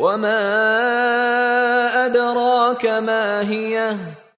وما أدراك ما هي